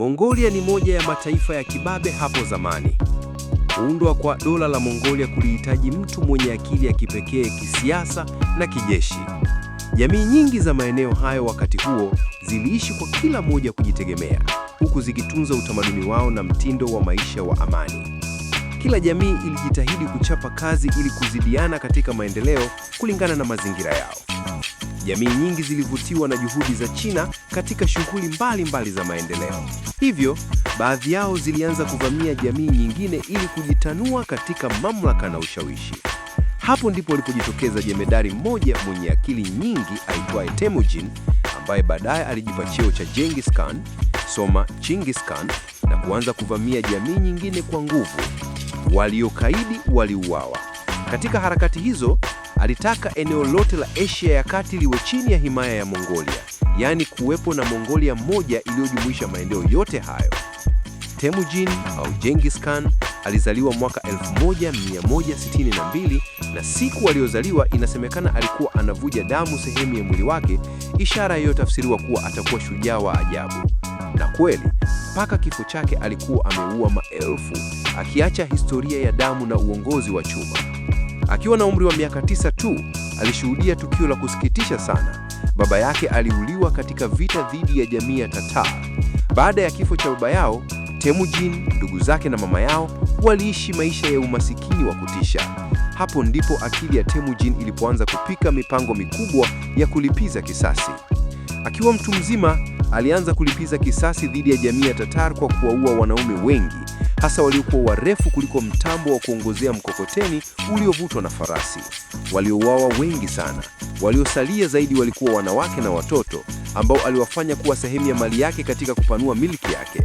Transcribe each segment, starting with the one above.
Mongolia ni moja ya mataifa ya kibabe hapo zamani. Kuundwa kwa dola la Mongolia kulihitaji mtu mwenye akili ya kipekee kisiasa na kijeshi. Jamii nyingi za maeneo hayo wakati huo ziliishi kwa kila moja kujitegemea, huku zikitunza utamaduni wao na mtindo wa maisha wa amani. Kila jamii ilijitahidi kuchapa kazi ili kuzidiana katika maendeleo kulingana na mazingira yao jamii nyingi zilivutiwa na juhudi za China katika shughuli mbalimbali za maendeleo. Hivyo, baadhi yao zilianza kuvamia jamii nyingine ili kujitanua katika mamlaka na ushawishi. Hapo ndipo alipojitokeza jemedari mmoja mwenye akili nyingi aitwaye Temujin ambaye baadaye alijipa cheo cha Genghis Khan, soma Chingis Khan, na kuanza kuvamia jamii nyingine kwa nguvu. Waliokaidi waliuawa. Katika harakati hizo Alitaka eneo lote la Asia ya Kati liwe chini ya himaya ya Mongolia, yaani kuwepo na Mongolia moja iliyojumuisha maeneo yote hayo. Temujin au Genghis Khan alizaliwa mwaka 1162 na siku aliyozaliwa inasemekana alikuwa anavuja damu sehemu ya mwili wake, ishara iliyotafsiriwa kuwa atakuwa shujaa wa ajabu. Na kweli mpaka kifo chake alikuwa ameua maelfu, akiacha historia ya damu na uongozi wa chuma. Akiwa na umri wa miaka tisa tu, alishuhudia tukio la kusikitisha sana. Baba yake aliuliwa katika vita dhidi ya jamii ya Tatar. Baada ya kifo cha baba yao, Temujin, ndugu zake na mama yao waliishi maisha ya umasikini wa kutisha. Hapo ndipo akili ya Temujin ilipoanza kupika mipango mikubwa ya kulipiza kisasi. Akiwa mtu mzima, alianza kulipiza kisasi dhidi ya jamii ya Tatar kwa kuwaua wanaume wengi hasa waliokuwa warefu kuliko mtambo wa kuongozea mkokoteni uliovutwa na farasi. Waliouawa wengi sana. Waliosalia zaidi walikuwa wanawake na watoto ambao aliwafanya kuwa sehemu ya mali yake katika kupanua miliki yake.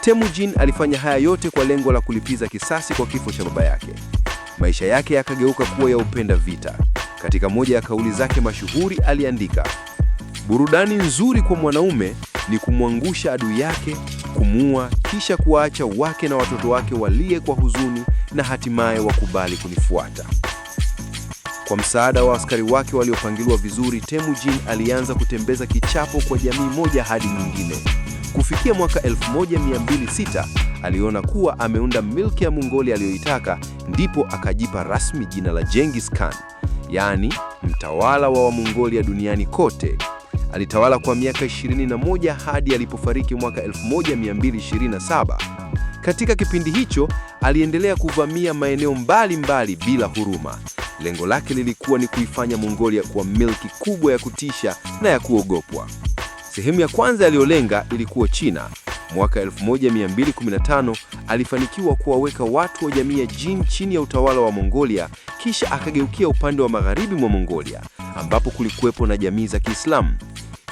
Temujin alifanya haya yote kwa lengo la kulipiza kisasi kwa kifo cha baba yake. Maisha yake yakageuka kuwa ya upenda vita. Katika moja ya kauli zake mashuhuri aliandika, burudani nzuri kwa mwanaume ni kumwangusha adui yake kumua kisha kuwaacha wake na watoto wake walie kwa huzuni na hatimaye wakubali kunifuata. Kwa msaada wa askari wake waliopangiliwa vizuri, Temujin alianza kutembeza kichapo kwa jamii moja hadi nyingine. Kufikia mwaka 1206 aliona kuwa ameunda milki ya Mongoli aliyoitaka, ndipo akajipa rasmi jina la Genghis Khan, yaani mtawala wa Wamongolia duniani kote, Alitawala kwa miaka 21 hadi alipofariki mwaka 1227. Katika kipindi hicho aliendelea kuvamia maeneo mbalimbali mbali bila huruma. Lengo lake lilikuwa ni kuifanya Mongolia kuwa milki kubwa ya kutisha na ya kuogopwa. Sehemu ya kwanza aliyolenga ilikuwa China. Mwaka 1215 alifanikiwa kuwaweka watu wa jamii ya Jin chini ya utawala wa Mongolia, kisha akageukia upande wa magharibi mwa Mongolia ambapo kulikuwepo na jamii za Kiislamu.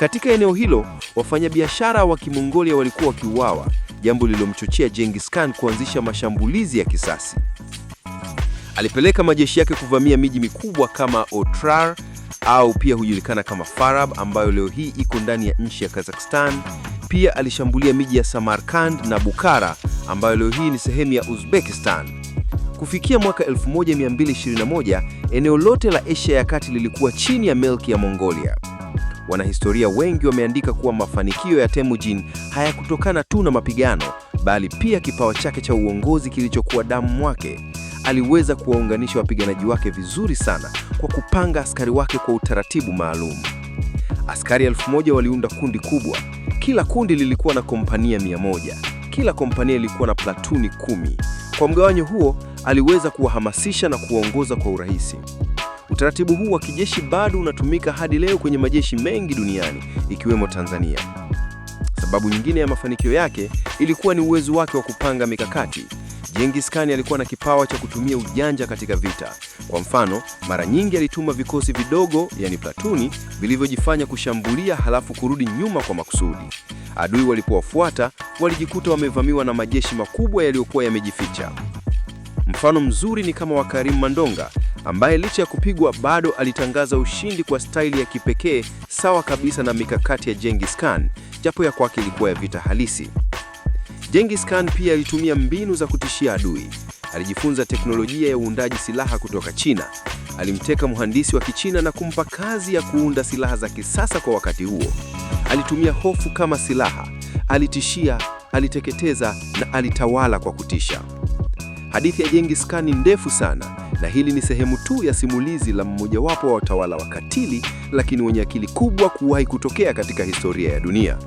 Katika eneo hilo, wafanyabiashara wa Kimongolia walikuwa wakiuawa, jambo lililomchochea Genghis Khan kuanzisha mashambulizi ya kisasi. Alipeleka majeshi yake kuvamia miji mikubwa kama Otrar au pia hujulikana kama Farab ambayo leo hii iko ndani ya nchi ya Kazakhstan. Pia alishambulia miji ya Samarkand na Bukhara ambayo leo hii ni sehemu ya Uzbekistan. Kufikia mwaka 1221, eneo lote la Asia ya Kati lilikuwa chini ya milki ya Mongolia. Wanahistoria wengi wameandika kuwa mafanikio ya Temujin hayakutokana tu na mapigano, bali pia kipawa chake cha uongozi kilichokuwa damu mwake. Aliweza kuwaunganisha wapiganaji wake vizuri sana kwa kupanga askari wake kwa utaratibu maalum. Askari elfu moja waliunda kundi kubwa. Kila kundi lilikuwa na kompania mia moja. Kila kompania ilikuwa na platuni kumi. Kwa mgawanyo huo, aliweza kuwahamasisha na kuwaongoza kwa urahisi. Utaratibu huu wa kijeshi bado unatumika hadi leo kwenye majeshi mengi duniani ikiwemo Tanzania. Sababu nyingine ya mafanikio yake ilikuwa ni uwezo wake wa kupanga mikakati. Genghis Khan alikuwa na kipawa cha kutumia ujanja katika vita. Kwa mfano, mara nyingi alituma vikosi vidogo, yani platuni, vilivyojifanya kushambulia halafu kurudi nyuma kwa makusudi. Adui walipowafuata walijikuta wamevamiwa na majeshi makubwa yaliyokuwa yamejificha. Mfano mzuri ni kama wa Karim Mandonga ambaye licha ya kupigwa bado alitangaza ushindi kwa staili ya kipekee sawa kabisa na mikakati ya Genghis Khan, japo ya kwake ilikuwa ya vita halisi. Genghis Khan pia alitumia mbinu za kutishia adui. Alijifunza teknolojia ya uundaji silaha kutoka China. Alimteka mhandisi wa Kichina na kumpa kazi ya kuunda silaha za kisasa kwa wakati huo. Alitumia hofu kama silaha. Alitishia, aliteketeza na alitawala kwa kutisha. Hadithi ya Genghis Khan ni ndefu sana na hili ni sehemu tu ya simulizi la mmojawapo wa watawala wakatili lakini wenye akili kubwa kuwahi kutokea katika historia ya dunia.